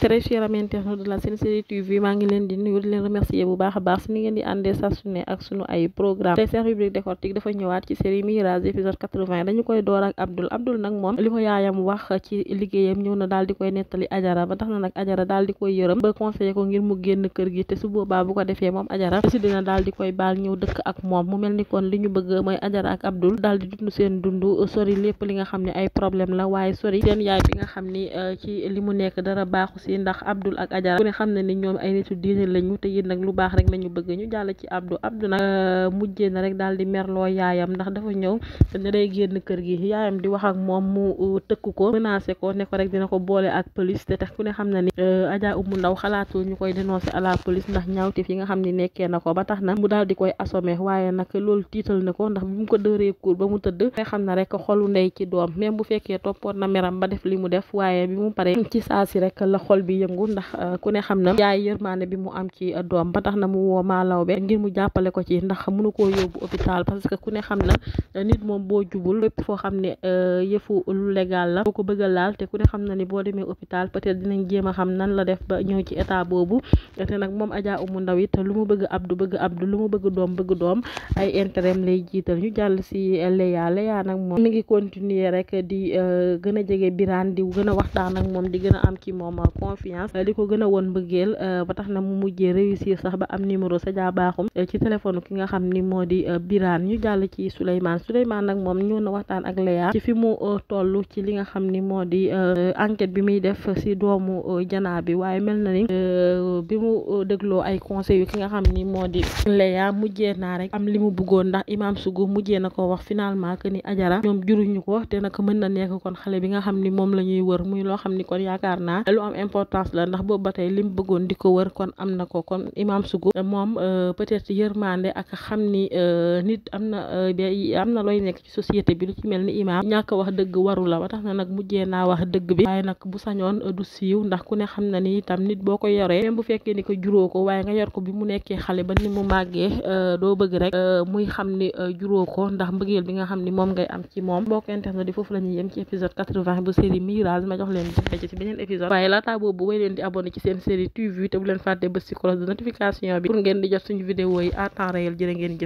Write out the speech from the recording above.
très cher ami internaute de la Sen Série TV maa ngi leen di nuyu remercier bu baax a baax su ngeen di àndee saa ak sunu ay programme dañu koy door ak Abdul Abdul nag moom li yaayam wax ci liggéeyam ñëw na daal di koy nettali Ajara ba tax nag Ajara daal di koy yërëm ba conseillé ko ngir mu génn kër gi te su boobaa bu defee moom Ajara décidé na daal di koy baal ñëw dëkk ak moom mu mel ni kon li ñu mooy Ajara ak Abdul daal di dund si ndax Abdul ak Adja ku ne xam na ni ñoom ay nitu diine lañu te yéen nag lu baax rek lañu bëgg ñu jàll ci Abdou Abdou nag euh, mujjee na rek daal di merloo yaayam ndax dafa ñëw te ne day génn kër gi yaayam di wax ak moom mu euh, tëkk ko menacé ko ne ko rek dina ko boole ak ku ne xam na ni euh, Adja Umu Ndaw xalaatul ñu koy dénoncé à la police ndax ñaawteef yi nga xam ne nekkee na ko ba tax na mu daal di koy assommé waaye nag loolu tiital na ko ndax mu ko dëree kuur ba mu tëdd nga xam na rek xolu ndey ci doom même bu fekkee toppoon na meram ba def li mu def waaye bi mu paree ci saa rek la xol xol bi yëngu ndax euh, ku ne xam na yaay yërmaane bi mu am ci euh, doom ba na mu woo maalawbe ngir mu jàppale ko ci ndax mënu koo yóbbu hôpital parce ku ne xam na euh, boo jubul lépp foo xam ne yëfu lu légal la ko bëgg a laal te ku ne xam na ni boo demee hôpital peut-être dinañ jéem a xam nan la def ba ñëw ci état boobu te nag moom Adja Oumou Ndaw it lu mu bëgg abdu bëgg abdu lu mu bëgg doom bëgg doom ay intérêt lay jiital ñu jàl si Léya Léya nag moom mi ngi continuer rek di gën a jege Birane di gën a waxtaan ak moom di gën a am ci moom confiance li ko gën a woon mbëggeel euh, ba tax na mu mujjee réussir sax ba am numéro Sadia Bakhoum euh, ci téléphone ki nga xam ni moo di euh, ñu jàll ci Souleymane Souleymane nag moom ñëw na waxtaan ak Léa ci fi mu toll ci li nga xam ni moo di enquête bi muy def si doomu janaa bi waaye mel na ni bi mu dégloo ay conseils ki nga xam ni moo di Léa mujjee naa rek am li mu bëggoon ndax Imam Sougou mujjee na ko wax finalement que ni Ajara ñoom juruñu ko te nag mën na nekk kon xale importance la ndax boobu ba lim bëggoon di ko wër kon am na ko kon imam sugu euh, moom euh, peut-être yërmande ak xam ni euh, nit am na am na looy nekk ci société bi lu ci mel ni imam ñàkk wax dëgg warula la tax na nag mujjee naa wax dëgg bi waaye nag bu sañoon du siiw ndax ku ne xam na ni itam nit boo ko yoree même bu fekkee ni ko juróo ko waaye nga yor ko bi mu nekkee xale ba ni mu màggee doo bëgg rek muy xam ni juróo ko ndax mbëggeel bi nga xam ni moom ngay am ci moom mbokk internet di foofu la ñuy yem ci épisode 80 bu boobu way leen di ci seen série TV te bu leen fàtte bës ci cloche de notification bi pour ngeen di jot suñu vidéo yi à temps réel jërë ngeen jëf